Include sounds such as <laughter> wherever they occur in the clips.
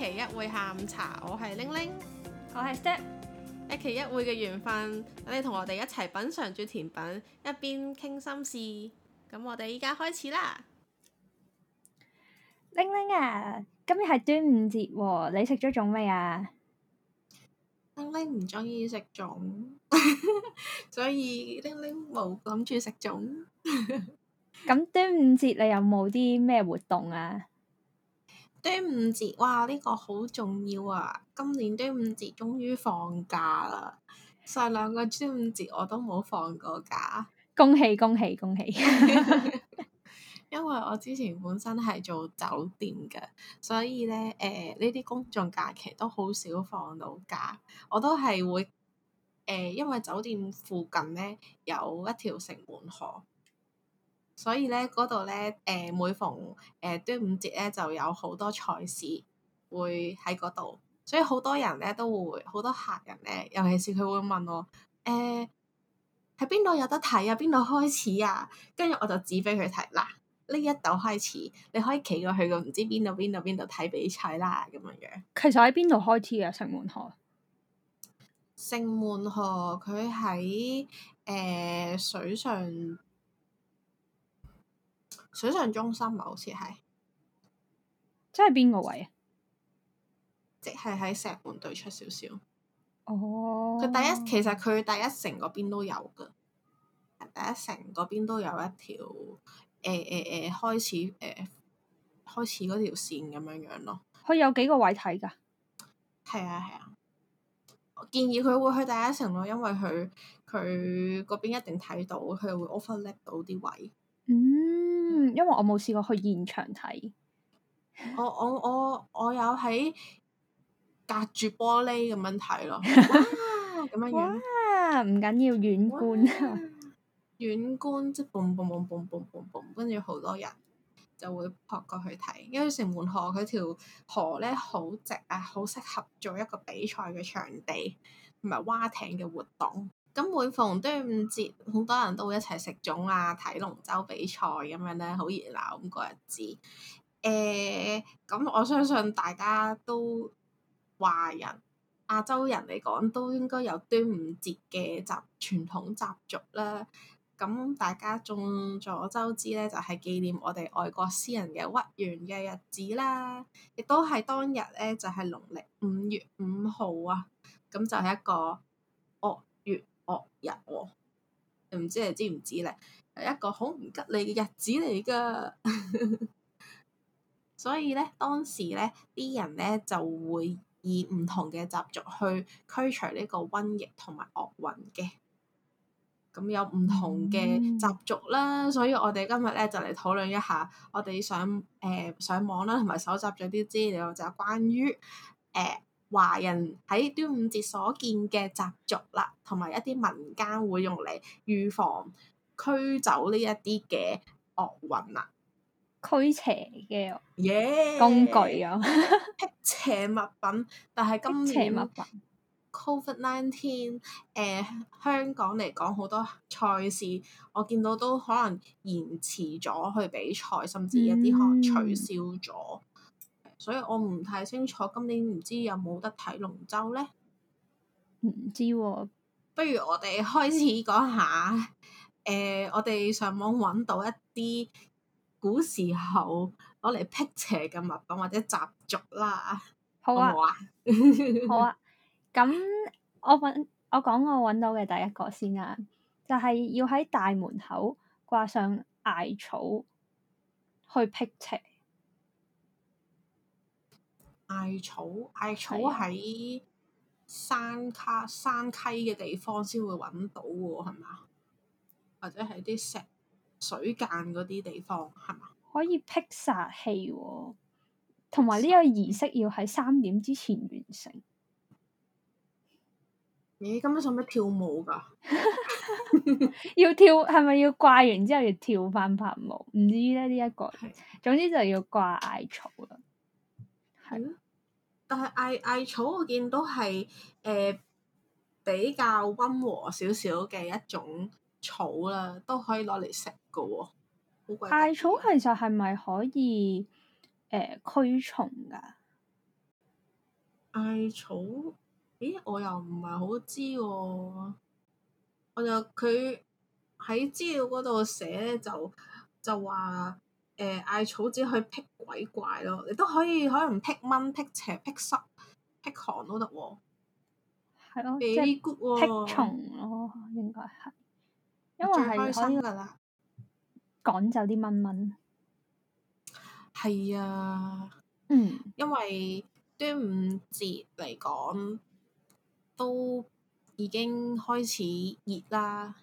一期一會下午茶，我係玲玲，我係 Step。一期一會嘅緣分，你同我哋一齊品嘗住甜品，一邊傾心事。咁我哋依家開始啦，玲玲啊，今日係端午節，你食咗粽未啊？玲玲唔中意食粽，所以玲玲冇諗住食粽。咁端午節你有冇啲咩活動啊？端午節哇，呢、呢個好重要啊！今年端午節終於放假啦，上兩個端午節我都冇放過假。恭喜恭喜恭喜！恭喜恭喜 <laughs> <laughs> 因為我之前本身係做酒店嘅，所以咧，誒呢啲、呃、公眾假期都好少放到假，我都係會誒、呃，因為酒店附近咧有一條城門河。所以咧，嗰度咧，誒、呃、每逢誒端午節咧，就有好多賽事會喺嗰度，所以好多人咧都會好多客人咧，尤其是佢會問我，誒喺邊度有得睇啊？邊度開始啊？跟住我就指俾佢睇，嗱，呢一度開始，你可以企過去個唔知邊度邊度邊度睇比賽啦，咁樣樣。其實喺邊度開始啊？城門河。城門河佢喺誒水上。水上中心啊，好似係，即係邊個位啊？即係喺石門對出少少哦。佢、oh. 第一其實佢第一城嗰邊都有噶，第一城嗰邊都有一條誒誒誒，開始誒、欸、開始嗰條線咁樣樣咯。佢有幾個位睇噶？係啊係啊，建議佢會去第一城咯，因為佢佢嗰邊一定睇到，佢會 overlap 到啲位。嗯。嗯因為我冇試過去現場睇，我我我我有喺隔住玻璃咁樣睇咯，咁 <laughs> 樣遠，唔緊要遠觀，遠觀即係 boom boom boom boom boom boom boom 跟住好多人就會撲過去睇，因為城門河佢條河咧好直啊，好適合做一個比賽嘅場地，同埋蛙艇嘅活動。咁每逢端午節，好多人都會一齊食粽啊，睇龍舟比賽咁樣咧，好熱鬧咁、那個日子。誒、欸，咁我相信大家都華人、亞洲人嚟講，都應該有端午節嘅習傳統習俗啦。咁大家眾所周知咧，就係、是、紀念我哋外國詩人嘅屈原嘅日子啦。亦都係當日咧，就係、是、農曆五月五號啊，咁就係一個，惡、哦、日喎，唔、哦、知你知唔知咧？係一個好唔吉利嘅日子嚟噶， <laughs> 所以咧當時咧啲人咧就會以唔同嘅習俗去驅除呢個瘟疫同埋惡運嘅。咁有唔同嘅習俗啦，嗯、所以我哋今日咧就嚟討論一下我，我哋上誒上網啦，同埋搜集咗啲資料就係、是、關於誒。呃華人喺端午節所見嘅習俗啦，同埋一啲民間會用嚟預防驅走呢一啲嘅惡運啊，驅邪嘅工具啊， <laughs> 辟邪物品。但係今年 COVID-19，誒、呃、香港嚟講好多賽事，我見到都可能延遲咗去比賽，甚至一啲可能取消咗。嗯所以我唔太清楚今年唔知有冇得睇龍舟咧，唔知喎、啊。不如我哋開始講下，誒、嗯呃，我哋上網搵到一啲古時候攞嚟辟邪嘅物品或者習俗啦。好啊，好，不好， <laughs> 好啊。咁我搵我講我搵到嘅第一個先啊，就係、是、要喺大門口掛上艾草去辟邪。艾草，艾草喺山卡山溪嘅地方先會搵到喎，係嘛？或者喺啲石水澗嗰啲地方，係嘛？可以辟煞氣喎，同埋呢個儀式要喺三點之前完成。你今晚做咩跳舞㗎？ <laughs> 要跳係咪要掛完之後要跳翻白舞？唔知咧呢一個，總之就要掛艾草啦。係咯。但係艾艾草我見到係，誒、呃，比較溫和少少嘅一種草啦，都可以攞嚟食嘅喎。好貴。艾草其實係咪可以誒、呃、驅蟲㗎？艾草，咦？我又唔係好知喎、哦。我就佢喺資料嗰度寫咧，就就話。誒，嗌、呃、草紙去辟鬼怪咯，你都可以可能辟蚊、辟邪、辟濕、辟寒都得喎，係咯，幾 good 喎，辟蟲咯，應該係，因為係可以趕走啲蚊蚊，係啊，嗯，因為端午節嚟講都已經開始熱啦，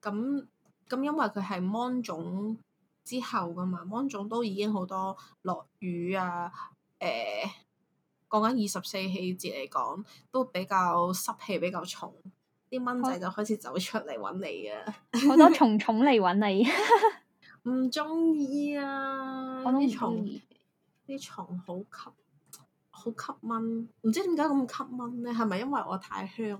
咁咁因為佢係芒種。之後噶嘛，芒種都已經好多落雨啊！誒、呃，講緊二十四氣節嚟講，都比較濕氣比較重，啲蚊仔就開始走出嚟揾你啊！好多蟲蟲嚟揾你，唔中意啊！啲蟲啲蟲好吸，好吸蚊，唔知點解咁吸蚊咧？係咪因為我太香？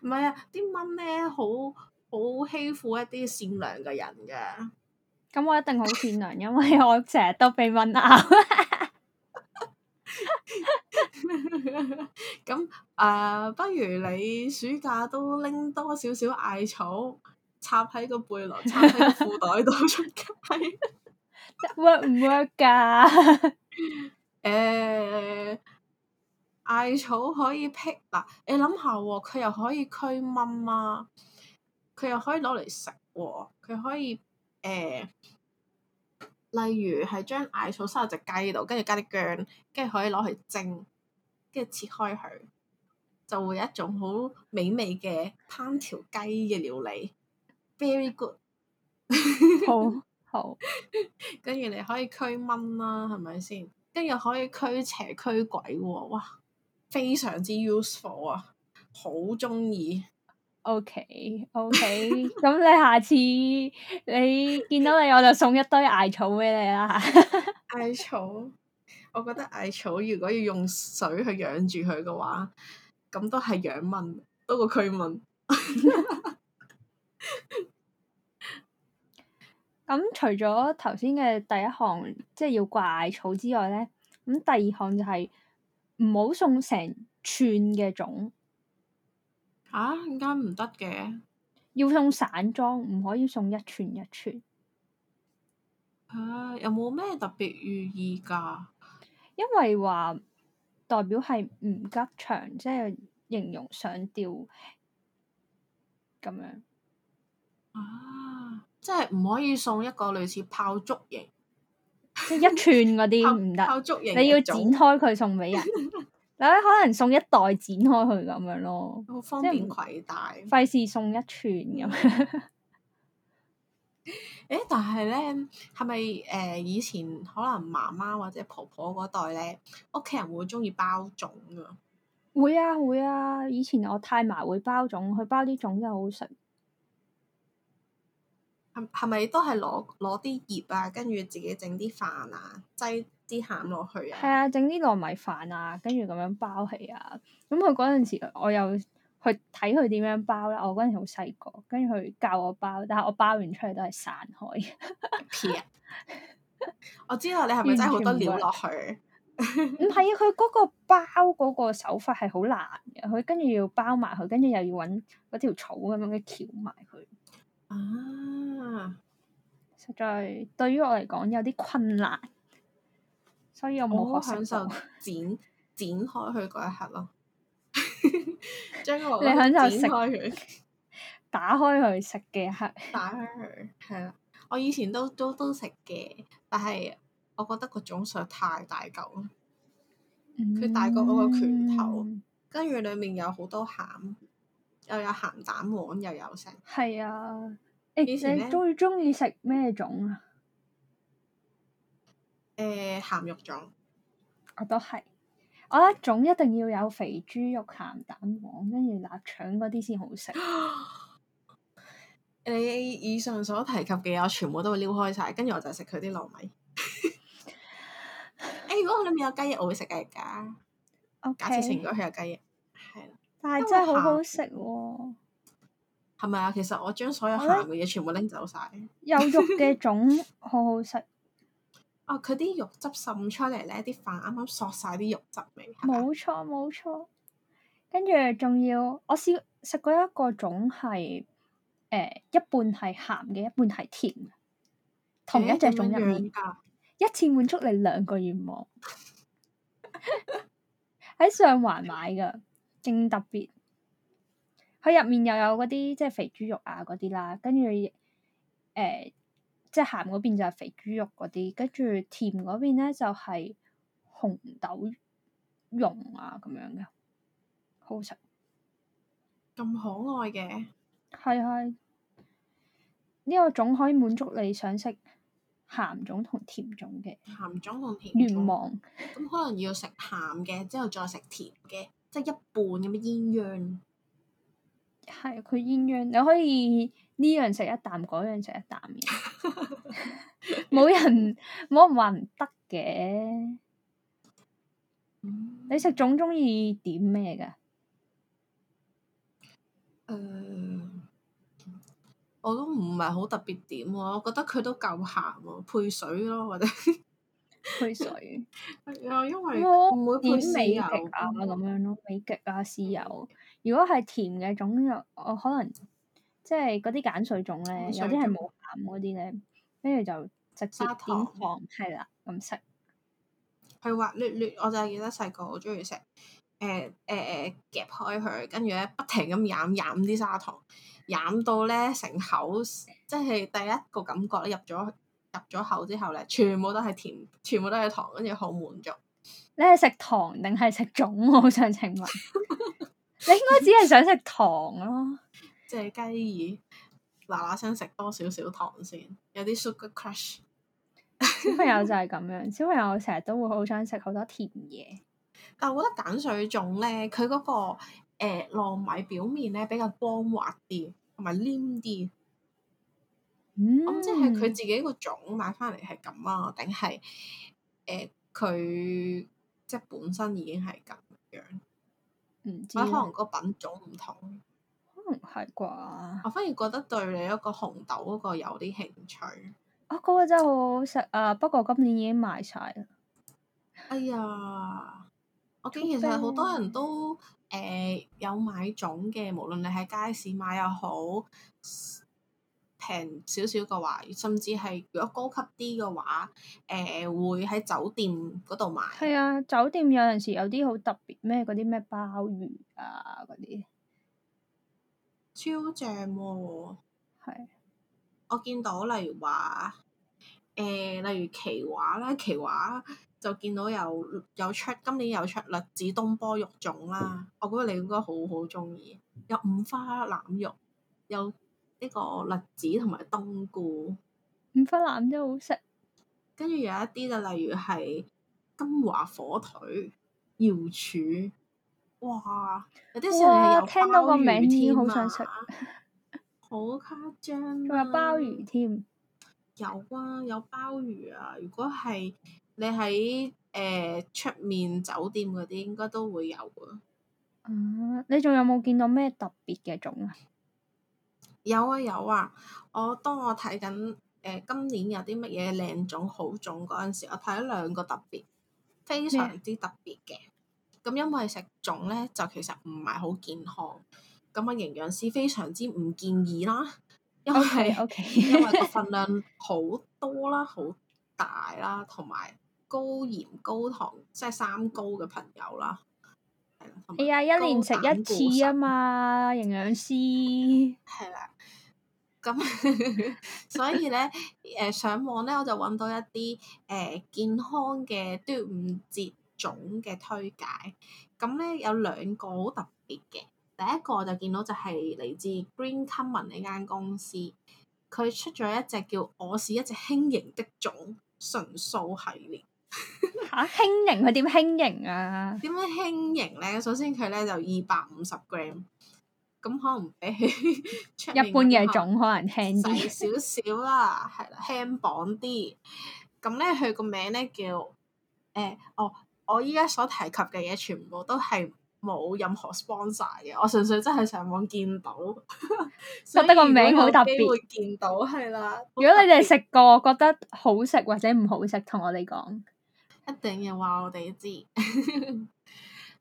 唔係啊，啲蚊咧好。好欺負一啲善良嘅人嘅，咁、嗯、我一定好善良， <laughs> 因為我成日都被蚊咬。咁誒，不如你暑假都拎多少少艾草插喺個背囊，插喺個褲袋度出街 <laughs> <laughs> <laughs> ，work 唔 work 噶、啊？誒、 <laughs> <laughs> 嗯，艾草可以辟邪、啊，你諗下喎，佢又可以驅蚊啊。佢又可以攞嚟食喎，佢可以誒、呃，例如係將艾草塞喺隻雞度，跟住加啲薑，跟住可以攞去蒸，跟住切開佢，就會有一種好美味嘅烹調雞嘅料理。Very good， <laughs> 好，好，跟住你可以驅蚊啦、啊，係咪先？跟住可以驅邪驅鬼喎、哦，哇！非常之 useful 啊，好鍾意。O K，O K，咁你下次 <laughs> 你見到你我就送一堆艾草畀你啦， <laughs> 艾草，我覺得艾草如果要用水去養住佢嘅話，咁都係養蚊多過驅蚊。咁除咗頭先嘅第一項，即係要掛艾草之外咧，咁第二項就係唔好送成串嘅糉。啊，點解唔得嘅？要送散裝，唔可以送一串一串。啊，有冇咩特別寓意噶？因為話代表係唔吉祥，即係形容上吊咁樣。啊，即係唔可以送一個類似炮竹型，即係 <laughs> 一串嗰啲唔得。你要剪開佢送畀人。 <laughs> 嗱，可能送一袋剪開佢咁樣咯，方便攜帶，即係費事送一串咁。誒，但係咧，係咪誒以前可能媽媽或者婆婆嗰代咧，屋企人會鍾意包粽噶？會啊，會啊，以前我太嫲會包粽，佢包啲粽真係好食。係，係咪都係攞攞啲葉啊，跟住自己整啲飯啊，制。啲餡落去啊，係啊，整啲糯米飯啊，跟住咁樣包起啊。咁佢嗰陣時，我又去睇佢點樣包啦。我嗰陣時好細個，跟住佢教我包，但係我包完出嚟都係散開。 <laughs> 啊、 <laughs> 我知啊，你係咪真係好多料落去？唔係啊，佢嗰個包嗰個手法係好難嘅。佢跟住要包埋佢，跟住又要揾嗰條草咁樣調埋佢。啊，實在對於我嚟講有啲困難。所以我冇好、oh, 享受剪剪開佢嗰一刻咯，將 <laughs> 你享受食佢，打開佢食嘅一刻， <laughs> 打開佢係啦。我以前都都都食嘅，但係我覺得個種實太大嚿啦，佢大過我個拳頭，嗯、跟住裏面有好多餡，又有鹹蛋黃，又有剩。係啊，誒、欸，你最中意食咩種啊？誒，鹹、欸、肉粽，我都係，我一種一定要有肥豬肉、鹹蛋黃，跟住臘腸嗰啲先好食啊。你以上所提及嘅嘢我全部都會撩開晒，跟住我就食佢啲糯米。誒、 <laughs> 欸，如果我裏面有雞翼，我會食噶。假設 Okay. 成哥佢有雞翼，係但係真係好好食喎。係咪啊？其實我將所有鹹嘅嘢全部拎走晒，有肉嘅粽 <laughs> 好好食。啊！佢啲、哦、肉汁滲出嚟咧，啲飯啱啱嗦晒啲肉汁味。冇錯冇錯，跟住仲要，我試食過一個粽係，誒一半係鹹嘅，一半係甜，同一隻粽入面，欸、一次滿足你兩個願望。喺 <laughs> <laughs> 上環買噶，正，特別。佢入面又有嗰啲即係肥豬肉啊嗰啲啦，跟住誒。呃即係鹹嗰邊就係肥豬肉嗰啲，跟住甜嗰邊咧就係紅豆蓉啊咁樣嘅，好食。咁可愛嘅。係係。呢、這個粽可以滿足你想食鹹粽同甜粽嘅。鹹粽同甜粽。願望。咁可能要食鹹嘅，之後再食甜嘅，即係一半咁樣鴛鴦。係佢鴛鴦，你可以。呢樣食一啖，嗰樣食一啖，冇 <laughs> 人冇 <laughs> 人話唔得嘅。嗯、你食粽中意點咩㗎、嗯？我都唔係好特別點喎、哦，我覺得佢都夠鹹喎，配水咯，或者配水係啊，因為唔會配美極啊咁樣咯，美極啊，豉油。嗯、如果係甜嘅粽我可能。即係嗰啲鹼水粽咧，種有啲係冇鹼嗰啲咧，跟住就直接點糖，係啦咁食。佢滑溜溜，我就記得細個好鍾意食，誒誒誒夾開佢，跟住咧不停咁飲飲啲砂糖，飲到咧成口，即係第一個感覺咧入咗入咗口之後咧，全部都係甜，全部都係糖，跟住好滿足。你係食糖定係食粽？我想請問， <laughs> 你應該只係想食糖咯。即係雞耳，嗱嗱聲食多少少糖先，有啲 sugar crush <laughs> 小朋友就係咁樣，小朋友成日都會好想食好多甜嘢。但係我覺得鹼水粽咧，佢嗰、嗰個誒、呃、糯米表面咧比較光滑啲，同埋黏啲。咁即係佢自己個種買翻嚟係咁啊？定係誒佢即係本身已經係咁樣？唔知可能個品種唔同。唔係啩？我反而覺得對你一個紅豆嗰個有啲興趣啊！嗰、嗰個真係好好食啊，不過今年已經賣晒喇。哎呀，我見其實好多人都誒、呃、有買粽嘅，無論你喺街市買又好平少少嘅話，甚至係如果高級啲嘅話，誒、呃、會喺酒店嗰度買。係啊，酒店有陣時有啲好特別咩？嗰啲咩鮑魚啊，嗰啲。超正喎、哦，係是。我見到例如話，誒、呃，例如奇華啦，奇華就見到有有出，今年有出栗子東坡肉粽啦。我覺得你應該好好中意。有五花腩肉，有呢個栗子同埋冬菇。五花腩真好食。跟住有一啲就例如係金華火腿瑤柱。哇！有啲時候有聽到個名，魚好想食， <laughs> 好誇張啊。仲有鮑魚添，有啊，有鮑魚啊！如果係你喺誒出面酒店嗰啲，應該都會有噶。嗯，你仲有冇見到咩特別嘅種啊？有啊有啊！我當我睇緊誒今年有啲乜嘢靚種好種嗰陣時，我睇咗兩個特別，非常之特別嘅。咁因為食粽咧，就其實唔係好健康。咁啊，營養師非常之唔建議啦，因為 okay, okay. <laughs> 因為個份量好多啦，好大啦，同埋高鹽高糖，即、就、係、是、三高嘅朋友啦。係啦、嗯。哎呀，一年食一次啊嘛，營養師。係啦。 <laughs> 咁 <laughs> 所以咧，誒、呃、上網咧，我就揾到一啲誒、呃、健康嘅端午節。種嘅推介，咁咧有兩個好特別嘅，第一個就見到就係嚟自 Green Common 呢間公司，佢出咗一隻叫我是一隻輕盈的種純素系列嚇、 <laughs> 啊，輕盈佢點輕盈啊？點樣輕盈咧？首先佢咧就二百五十 gram，咁可能比起 <laughs> 出一般嘅種可能輕少少啦，係 <laughs> 啦、啊，輕磅啲。咁咧佢個名咧叫誒、呃，哦。我依家所提及嘅嘢，全部都係冇任何 sponsor 嘅，我純粹真係上網見到，呵呵覺得個名好特別。見到係啦。如果你哋食過，覺得好食或者唔好食，同我哋講。一定要話我哋知。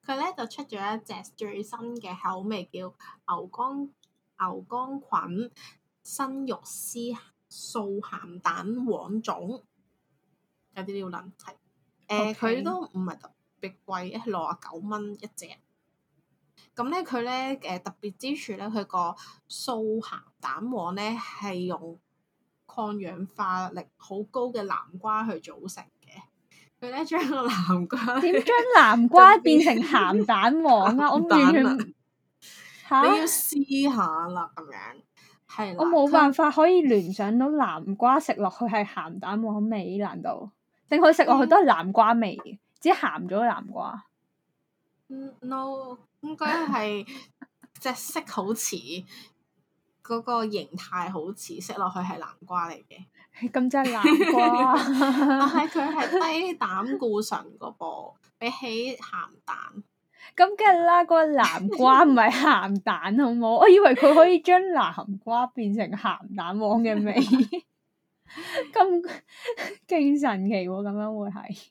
佢 <laughs> 咧就出咗一隻最新嘅口味，叫牛肝牛肝菌生肉絲素鹹蛋黃粽。有啲尿卵。誒，佢 Okay.、呃、都唔係特別貴，六十九蚊一隻。咁、嗯、咧，佢咧，誒、呃，特別之處咧，佢個素鹹蛋黃咧係用抗氧化力好高嘅南瓜去組成嘅。佢咧將個南瓜點將南瓜 <laughs> 變成鹹蛋黃啊！ <laughs> 了我完全吓， <laughs> 你要試下啦，咁樣係。我冇辦法可以聯想到南瓜食落去係鹹蛋黃味，難道？整佢食落去都係南瓜味嘅，嗯、只鹹咗嘅南瓜。No，應該係隻色好似嗰個形態好似，食落去係南瓜嚟嘅。咁即係南瓜， <laughs> 但係佢係低膽固醇個噃，比起鹹蛋。咁梗係啦，嗰、嗰個南瓜唔係鹹蛋，好唔好？我以為佢可以將南瓜變成鹹蛋黃嘅味。 <laughs> 咁勁 <laughs> 神奇喎、啊，咁樣會係，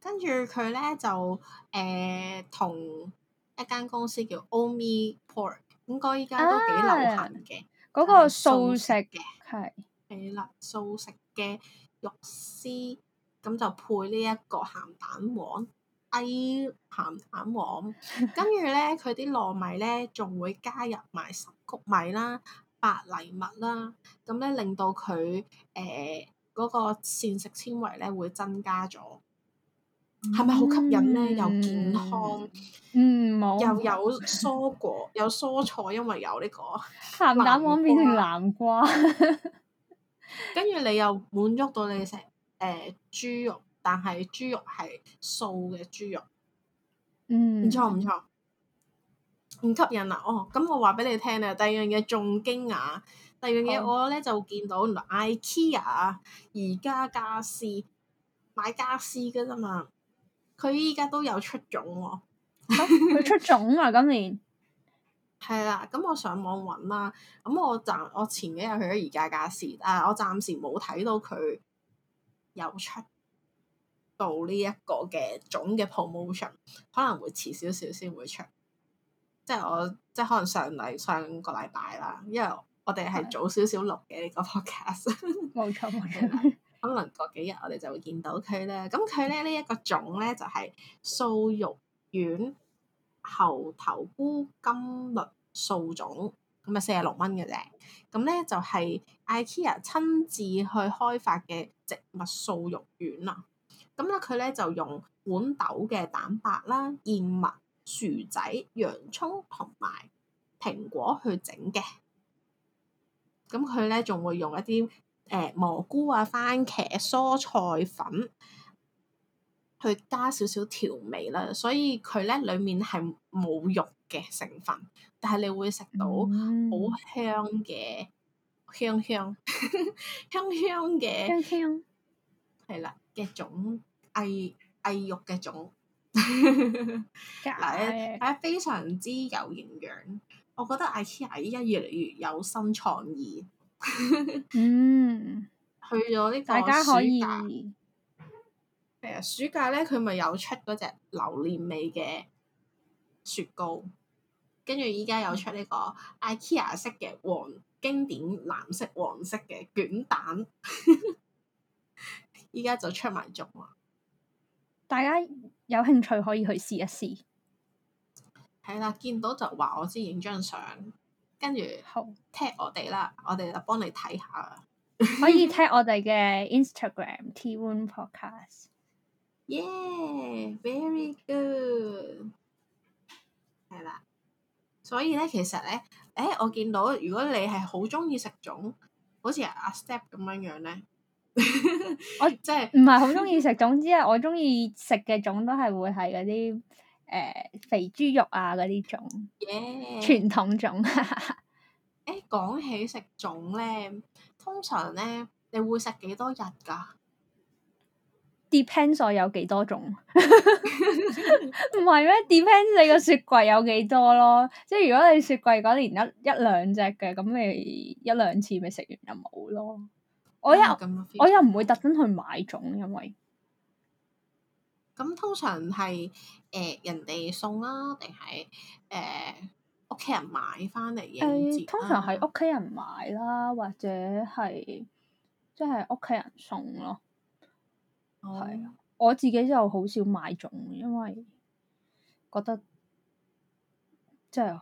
跟住佢咧就誒同、呃、一間公司叫 Omi Pork，應該依家都幾流行嘅。嗰個、啊、素食嘅係，係啦，素食嘅肉絲，咁就配呢一個鹹蛋黃，哎鹹蛋黃，哎、蛋黃 <laughs> 跟住咧佢啲糯米咧仲會加入埋十穀米啦。白藜麥啦，咁咧令到佢誒嗰個膳食纖維咧會增加咗，係咪好吸引咧？嗯、又健康、嗯，嗯冇，又有蔬果，嗯、果有蔬菜，因為有呢、這個鹹蛋黃變成南瓜，跟住 <laughs> 你又滿足到你食誒豬肉，但係豬肉係素嘅豬肉，嗯，唔錯唔錯。唔吸引啦、啊，哦，咁、嗯嗯、我話俾你聽、啊、咧，第二樣嘢仲驚訝，第二樣嘢我咧好就見到，IKEA 而家家私買家私嘅啫嘛，佢依家都有出種喎、啊，佢、哦、出種啊， <laughs> 今年係啦，咁、啊嗯、我上網搵啦，咁、嗯、我暫我前幾日去咗宜家家私，但誒，我暫時冇睇到佢有出到呢一個嘅種嘅 promotion，可能會遲少少先會出。即係我即係可能上嚟上個禮拜啦，因為我哋係早少少錄嘅呢個 podcast，冇可能過幾日我哋就會見到佢啦。咁佢咧呢一、這個粽咧就係、是、素肉丸猴頭菇甘栗素粽，咁啊四十六蚊嘅啫。咁咧就係、是、IKEA 親自去開發嘅植物素肉丸啦。咁咧佢咧就用豌豆嘅蛋白啦、燕麥。薯仔、洋葱同埋蘋果去整嘅，咁佢咧仲會用一啲誒、呃、蘑菇啊、番茄、蔬菜粉去加少少調味啦，所以佢咧裡面係冇肉嘅成分，但係你會食到好香嘅、嗯、香香 <laughs> 香香嘅的香，香，香係啦嘅種異異肉嘅種。嗱，係 <laughs> 非常之有營養。我覺得 IKEA 依家越嚟越有新創意。 <laughs> 嗯，去咗呢個暑假係啊，暑假咧佢咪有出嗰隻榴蓮味嘅雪糕，跟住依家有出呢個 IKEA 色嘅黃經典藍色黃色嘅卷蛋，依 <laughs> 家就出埋粽。大家有興趣可以去試一試，係啦，見到就話我先影張相，跟住好 tag 我哋啦，我哋就幫你睇下，可以 tag 我哋嘅 Instagram <laughs> T One Podcast 耶、yeah, very good，係啦，所以咧其實咧，誒、欸、我見到如果你係好鍾意食粽，好似阿 Step 咁樣樣咧。 <laughs> 我真係唔係好中意食，總之是是、呃、啊，我中意食嘅粽都係會係嗰啲誒肥豬肉啊嗰啲粽，傳 Yeah. 統粽。誒，講起食粽咧，通常咧你會食幾多日噶？Depends，我有幾多粽，唔 <laughs> 係咩？Depends，你個雪櫃有幾多咯？即係如果你雪櫃嗰連一、一兩隻嘅，咁你一兩次咪食完就冇咯。我又我又唔會特登去買粽，因為咁、嗯嗯、通常係誒、呃、人哋送啦，定係誒屋企人買翻嚟、啊。誒，通常係屋企人買啦，或者係即係屋企人送咯。係、嗯、我自己就好少買粽，因為覺得即係。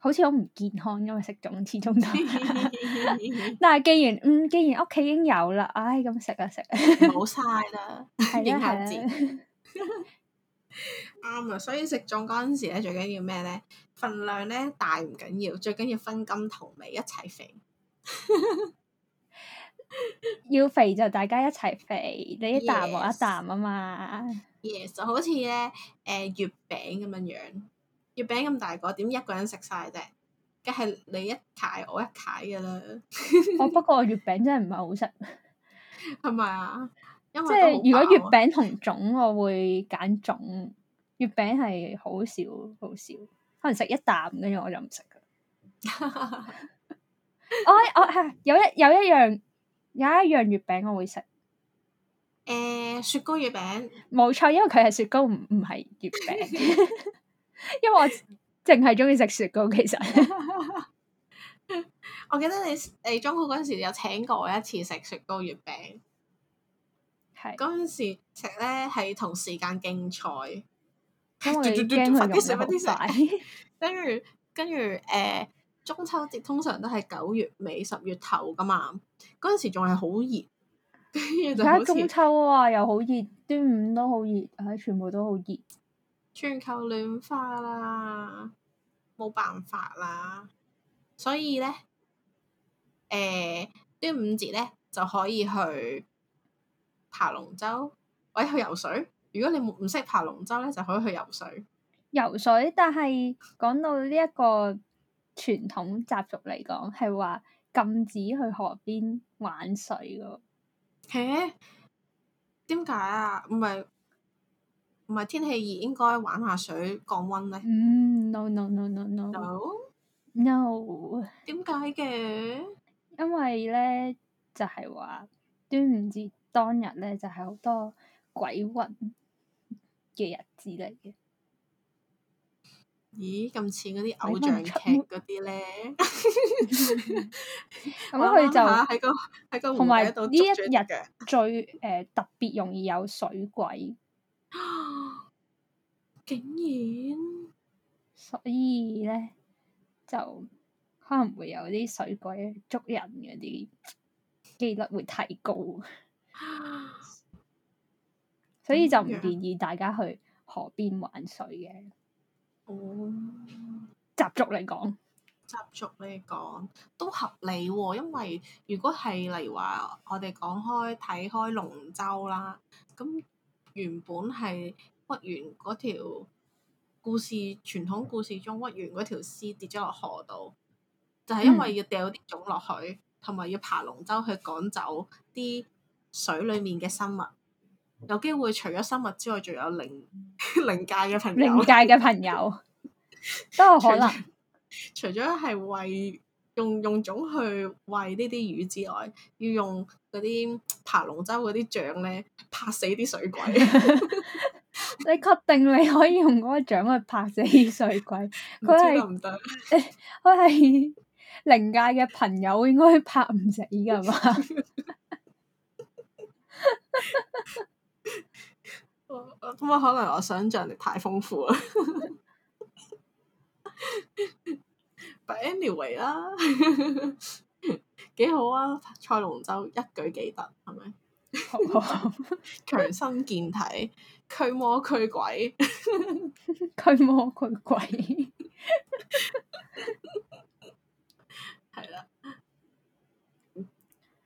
好似好唔健康，因為食粽始終都。 <laughs> 但係既然嗯，既然屋企已經有啦，唉，咁食啊食，冇嘥啦，應下節。啱啊！所以食粽嗰陣時咧，最緊要咩咧？份量咧，大唔緊要，最緊要分甘同味一齊肥。 <laughs> <laughs> 要肥就大家一齊肥，你一啖我一啖啊嘛。耶就 Yes. <laughs> 好似咧，誒、呃、月餅咁樣樣。月餅咁大個，點一個人食晒啫？梗係你一契我一契噶啦。我不過月餅真係唔係好食，係咪啊？因為即係 <laughs> 如果月餅同粽，我會揀粽。月餅係好少好少，可能食一啖，跟住我就唔食。我我係有一有一樣有一樣月餅我會食，誒、uh, 雪糕月餅。冇錯，因為佢係雪糕，唔唔係月餅。 <laughs> 因為我淨係中意食雪糕，其實。 <laughs> <laughs> 我記得你你中學嗰陣時有請過我一次食雪糕月餅，係嗰陣時食咧係同時間競賽，跟住跟住，誒、 <laughs> 呃，中秋節通常都係九月尾十月頭噶嘛，嗰陣時仲係 <laughs> 好熱。而家中秋啊，又好熱，端午都好熱，唉，全部都好熱。全球暖化啦，冇辦法啦，所以咧，誒、呃，端午節咧就可以去爬龍舟，或者去游水。如果你唔識爬龍舟咧，就可以去游水。游水，但係講到呢一個傳統習俗嚟講，係話禁止去河邊玩水噶。吓？點解啊？唔係。唔係天氣熱，應該玩下水降溫咧。嗯，no no no no no no。點解嘅？因為咧，就係話端午節當日咧，就係好多鬼魂嘅日子嚟嘅。咦？咁似嗰啲偶像劇嗰啲咧。咁佢就喺個喺個湖喺度。同埋呢一日最誒特別容易有水鬼。 <laughs> 竟然，所以咧就可能會有啲水鬼捉人嗰啲機率會提高，啊、所以就唔建議大家去河邊玩水嘅。哦、嗯，習俗嚟講，習俗嚟講都合理喎、哦，因為如果係例如話我哋講開睇開龍舟啦，咁原本係。屈原嗰條故事傳統故事中，屈原嗰條屍跌咗落河度，就係、是、因為要掉啲種落去，同埋、嗯、要爬龍舟去趕走啲水裏面嘅生物，有機會除咗生物之外靈，仲有靈靈界嘅朋友，靈界嘅朋友都有可能。除咗係餵用，用種去餵呢啲魚之外，要用嗰啲爬龍舟嗰啲槳咧拍死啲水鬼。 <laughs> 你確定你可以用嗰個掌去拍死水鬼？佢係佢係靈界嘅朋友，應該拍唔死噶嘛？我可能我想像力太豐富啦。 <laughs> But anyway 啦，幾好啊！賽龍舟一舉幾得，係咪？強身 <laughs> 健體，驅魔驅鬼，驅魔驅鬼，係 <laughs> 啦。 <laughs>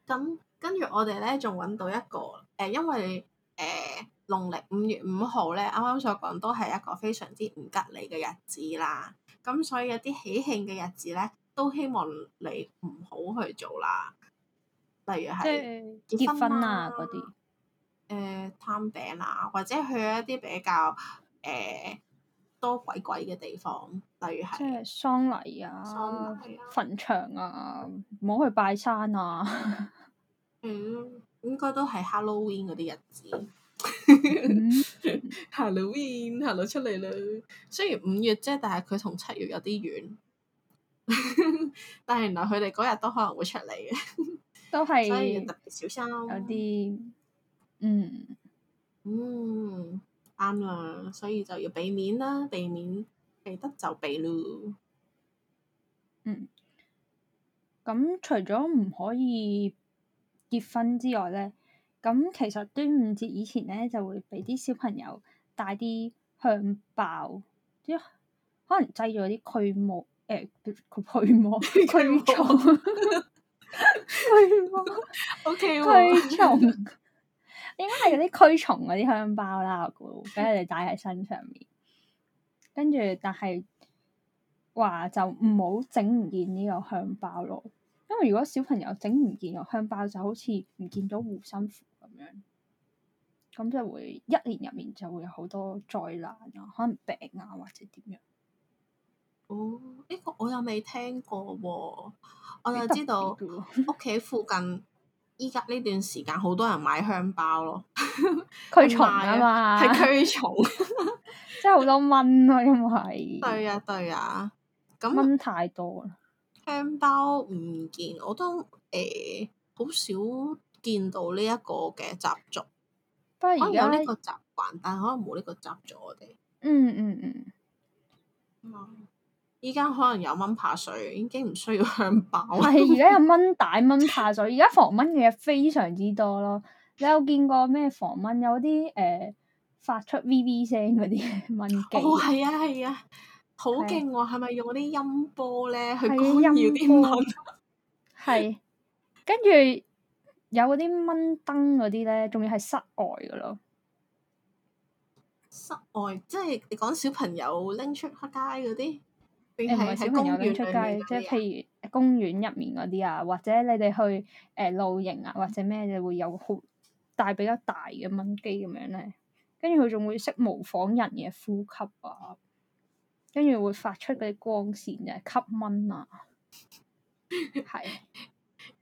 咁跟住我哋咧，仲揾到一個誒、呃，因為誒，農曆五月五號咧，啱啱所講都係一個非常之唔吉利嘅日子啦。咁所以有啲喜慶嘅日子咧，都希望你唔好去做啦。例如係結婚啊，嗰啲，誒、啊，探病些、呃、啊，或者去一啲比較誒、呃、多鬼鬼嘅地方，例如係，即係喪禮啊，墳、啊、場啊，唔好去拜山啊。 <laughs> 嗯，應該都係 Halloween 嗰啲日子。Halloween，Halloween 出嚟啦！雖然五月啫，但係佢同七月有啲遠。 <laughs> 但係原來佢哋嗰日都可能會出嚟嘅。都係，所以特別小心有啲，嗯，嗯，啱啦，所以就要避免啦，避免避得就避咯。嗯，咁除咗唔可以結婚之外咧，咁其實端午節以前咧就會俾啲小朋友帶啲香包，即可能製咗啲驅魔，誒、呃，佢驅魔驅蟲。驅 <laughs> 吧，OK 蟲。驅蟲，應該係嗰啲驅蟲嗰啲香包啦，我估俾佢哋帶喺身上面，跟住但係話就唔好整唔見呢個香包咯，因為如果小朋友整唔見個香包，就好似唔見咗護身符咁樣，咁就會一年入面就會有好多災難啊，可能病啊或者點樣。哦，呢、這個我又未聽過喎、哦，我就知道屋企 <laughs> 附近依家呢段時間好多人買香包咯，驅 <laughs> 蟲啊嘛，係驅蟲，真係好多蚊咯、啊，因為對啊 <laughs> 對啊，咁蚊太多啊，香包唔見，我都誒好、欸、少見到呢一個嘅習俗，可能有呢個習慣，但可能冇呢個習俗，我哋嗯嗯嗯。嗯嗯依家可能有蚊怕水，已經唔需要香包。係，而家有蚊帶、蚊怕水，而家防蚊嘅嘢非常之多咯。你有見過咩防蚊？有啲誒、呃、發出 V V 聲嗰啲蚊機。哦，係啊，係啊，啊，好勁喎、哦！係咪、啊、用嗰啲音波咧去干擾啲蚊？係， <laughs> 是跟住有嗰啲蚊燈嗰啲咧，仲要係室外嘅咯。室外即係你講小朋友拎出黑街嗰啲。誒，唔係小朋友咁出街，即係譬如公園入面嗰啲啊，或者你哋去誒、呃、露營啊，或者咩就會有好大比較大嘅蚊機咁樣咧，跟住佢仲會識模仿人嘅呼吸啊，跟住會發出嗰啲光線就、係、吸蚊啊，係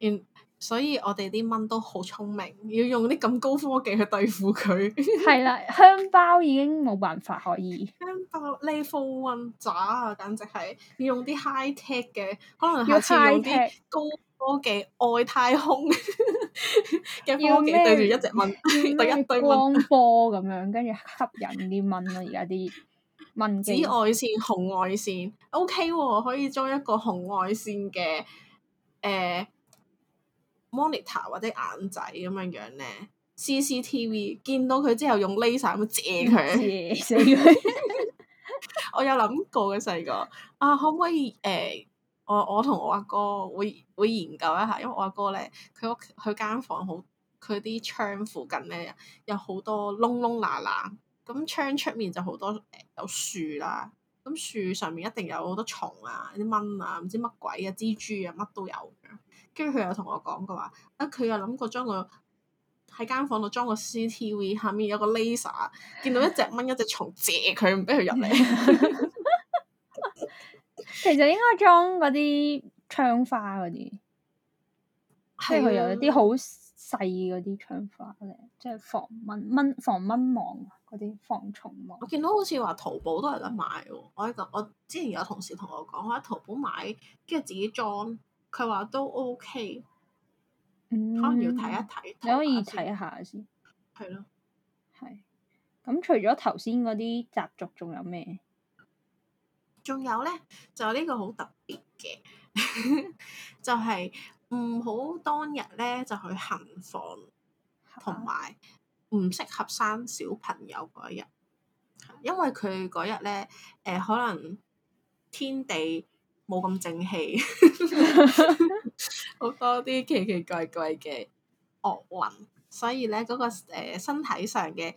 <laughs> 是。所以我哋啲蚊都好聰明，要用啲咁高科技去對付佢。係 <laughs> 啦，香包已經冇辦法可以。香包呢 level one 咋啊，簡直係要用啲 high tech 嘅，可能下次用啲高科技，高科技外太空嘅科技對住一隻蚊，對 <laughs> 一對光波咁樣，跟住吸引啲蚊咯。而家啲蚊子、 <laughs> 紫外線、紅外線，OK 喎、哦，可以裝一個紅外線嘅，誒、呃。Monitor 或者眼仔咁樣樣咧，CCTV 見到佢之後用 Laser 咁射佢，射死佢。我有諗過嘅，細個啊，可唔可以誒、欸，我我同我阿哥，哥會會研究一下，因為我阿哥咧，佢屋佢間房好，佢啲窗附近咧有好多窿窿罅罅，咁窗出面就好多誒、呃、有樹啦，咁樹上面一定有好多蟲啊，啲蚊啊，唔知乜鬼啊，蜘蛛啊，乜都有。跟住佢又同我講過話，啊佢又諗過裝個喺間房度裝個 C T V，下面有個 laser，見到一隻蚊一隻蟲，借佢唔俾佢入嚟。其實應該裝嗰啲窗花嗰啲，啊、即係佢有一啲好細嗰啲窗花咧，即、就、係、是、防蚊蚊防蚊網嗰啲防蟲網。我見到好似話淘寶都有得買喎，我喺度，我之前有同事同我講，我喺淘寶買，跟住自己裝。佢話都 OK，嗯、可能要睇一睇，你可以睇下先。係咯，係。咁除咗頭先嗰啲習俗，仲有咩？仲有咧，就呢個好特別嘅， <laughs> 就係唔好當日咧就去行房，同埋唔適合生小朋友嗰日，因為佢嗰日咧，誒、呃、可能天地，冇咁正氣，好多啲奇奇怪怪嘅惡運，所以咧嗰個誒身體上嘅、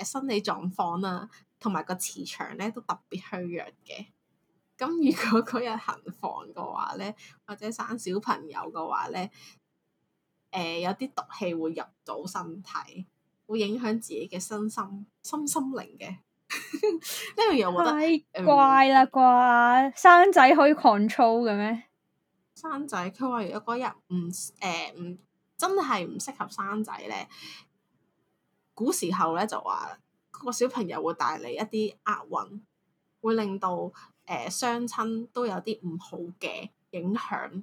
誒心理狀況啦，同埋個磁場咧都特別虛弱嘅。咁如果嗰日行房嘅話咧，或者生小朋友嘅話咧，誒有啲毒氣會入到身體，會影響自己嘅身心心心靈嘅。呢樣嘢我覺得、哎嗯、怪啦，啩生仔可以 control 嘅咩？生仔佢話如果人唔誒唔真係唔適合生仔咧，古時候咧就話、個小朋友會帶嚟一啲厄運，會令到誒雙、呃、親都有啲唔好嘅影響，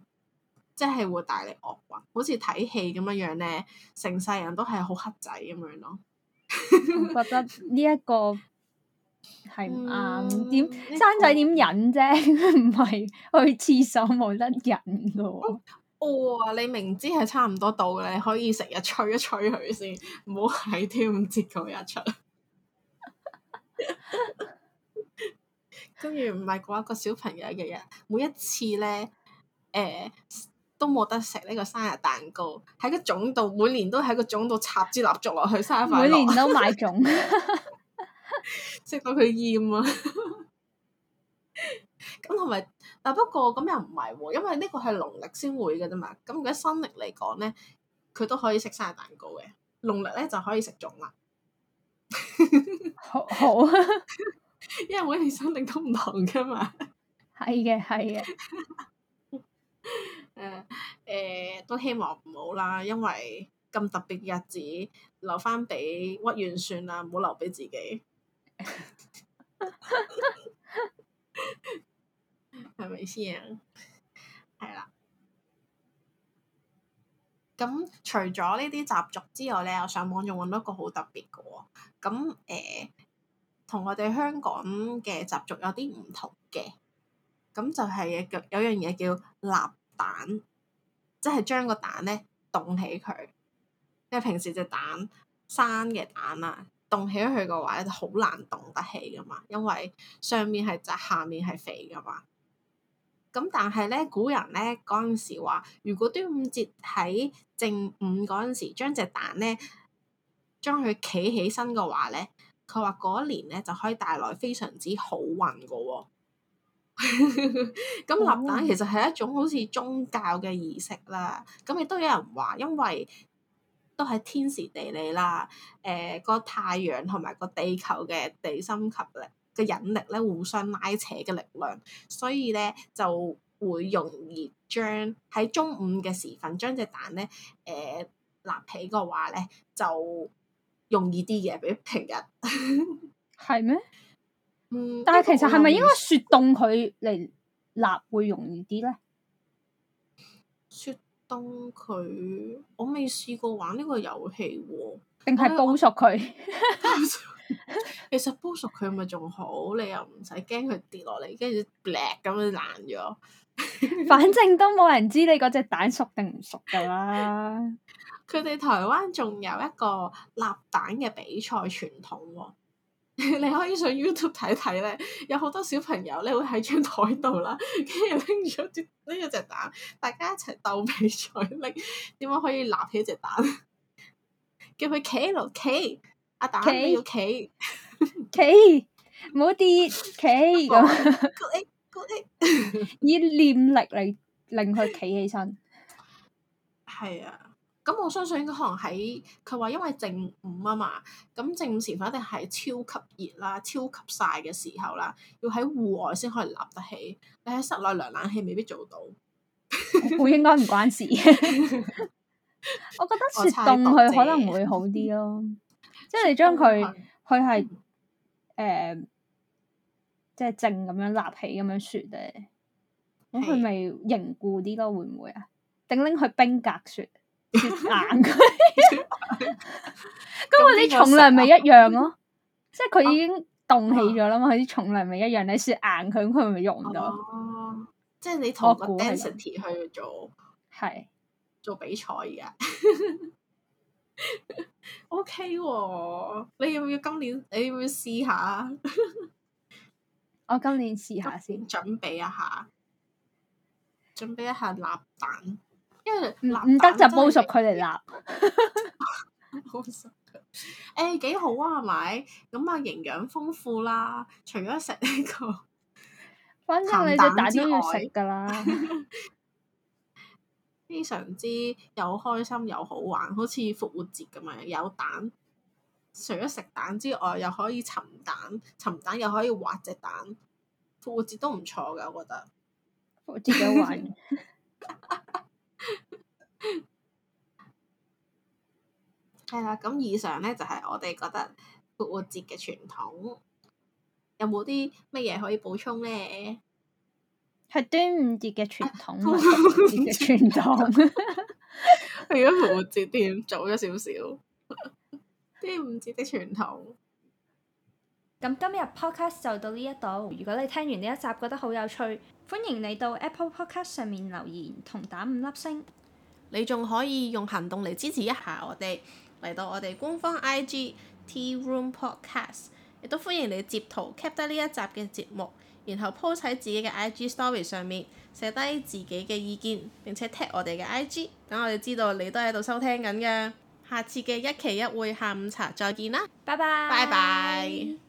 即係會帶嚟惡運，好似睇戲咁樣樣咧，成世人都係好黑仔咁樣咯。 <laughs> 我覺得呢一個。係唔啱？點生仔點忍啫？唔係我 <laughs> 去廁所冇得忍噶。餓、哦、你明知係差唔多到嘅，你可以成日吹一吹佢先，唔好喺端午節嗰日出。跟住唔係嗰一個小朋友人，嘅日每一次咧，誒、呃，都冇得食呢個生日蛋糕，喺個粽度每年都喺個粽度插支蠟燭落去，生日 <laughs> 每年都買粽.。 <laughs> 食 <laughs> 到佢它厭啊！咁同埋，但不過咁又唔係喎，因為呢個係農曆先會嘅啫嘛。咁而家新曆嚟講咧，佢都可以食生日蛋糕嘅。農曆咧就可以食粽啦。好，好、啊！ <laughs> 因為每一年新曆都唔同噶嘛 <laughs> 。係嘅、 <laughs> 啊，係嘅。誒，誒，都希望唔好啦，因為咁特別日子留翻俾屈原算啦，唔好留俾自己。係咪先係啦？咁 <laughs> <laughs> 是除咗呢啲習俗之外呢，我上網仲搵到一個好特別嘅，哦，咁同，欸，我哋香港嘅習俗有啲唔同嘅。咁就係有樣嘢叫立蛋，即係將個蛋呢凍起佢，因為平時隻蛋生嘅蛋啦，啊。凍起佢嘅話咧，就好難凍得起噶嘛，因為上面係窄，下面係肥噶嘛。咁但係咧，古人咧嗰陣時話，如果端午節喺正午嗰陣時，將隻蛋咧，將佢企起身嘅話咧，佢話嗰一年咧就可以帶來非常之好運噶。咁 <laughs> 立蛋其實係一種好似宗教嘅儀式啦。咁亦都有人話，因為。都係天時地利啦，誒、呃，那個太陽同埋個地球嘅地心吸力嘅引力咧，互相拉扯嘅力量，所以咧就會容易將喺中午嘅時分將隻蛋咧誒、呃、立起嘅話咧就容易啲嘅，比平日係咩？嗯，但係其實係咪應該雪凍佢嚟立會容易啲咧？雪當佢，我未試過玩呢個遊戲喎、哦。定係煲熟佢。 <laughs> <laughs> 其實煲熟佢咪仲好，你又唔使驚佢跌落嚟，跟住裂咁樣爛咗。 <laughs> 反正都冇人知你嗰隻蛋熟定唔熟噶啦。佢哋 <laughs> 台灣仲有一個立蛋嘅比賽傳統、哦。 <laughs> 你可以上 YouTube 睇睇咧，有好多小朋友咧會喺張台度啦，跟住拎住一啲拎一隻蛋，大家一齊鬥比賽拎，點樣可以立起一隻蛋？叫佢企咯，企，阿蛋站你要企，企站，唔好 <laughs> 跌，企咁， <laughs> <laughs> 以念力嚟令佢企起身，係 <laughs> 啊。咁我相信應該可能喺佢話，因為正午啊嘛，咁正午時分肯定係超級熱啦、超級晒嘅時候啦，要喺戶外先可以立得起，你喺室內涼冷氣未必做到。我應該唔關事，我覺得雪凍佢可能唔會好啲咯，即係你將佢佢係誒即係靜咁樣立起咁樣雪咧，咁佢咪凝固啲咯？會唔會啊？定拎去冰格雪？硬佢，咁我啲重量咪一樣咯，即係佢已經凍起咗啦嘛，佢啲重量咪一樣，你雪硬佢，佢咪用唔到。即係你同個 density 去做，係是做比賽而家。 <laughs> o、okay、K、哦、你要唔要今年？你要唔要試下？ <laughs> 我今年試下先，準備一下，準備一下立蛋。因為唔得就煲熟佢哋蛋，哈哈！ <laughs> 欸、煲熟佢，誒幾好啊，係咪？咁啊，營養豐富啦。除咗食呢個，反正你隻蛋都要食噶啦。 <laughs> 非常之又開心又好玩，好似復活節咁樣，有蛋。除咗食蛋之外，又可以沉蛋，沉蛋又可以畫隻蛋。復活節都唔錯噶，我覺得。我自己玩。 <laughs> 係啦，咁 <laughs> 以上呢就係、是、我哋覺得復活節嘅傳統有冇啲乜嘢可以補充呢？係端午節嘅傳統，復活節嘅傳統去咗復活節點早咗少少？端午節嘅傳統咁 <laughs> 今日 Podcast 就到呢一度。如果你聽完呢一集覺得好有趣，歡迎你到 Apple Podcast 上面留言同打五粒星。你仲可以用行動嚟支持一下我哋，嚟到我哋官方 IG Tea Room Podcast，亦都歡迎你截圖 keep 得呢一集嘅節目，然後 po 喺自己嘅 IG Story 上面寫低自己嘅意見，並且 tag 我哋嘅 IG，等我哋知道你都喺度收聽緊㗎。下次嘅一期一會下午茶再見啦，拜拜，拜拜。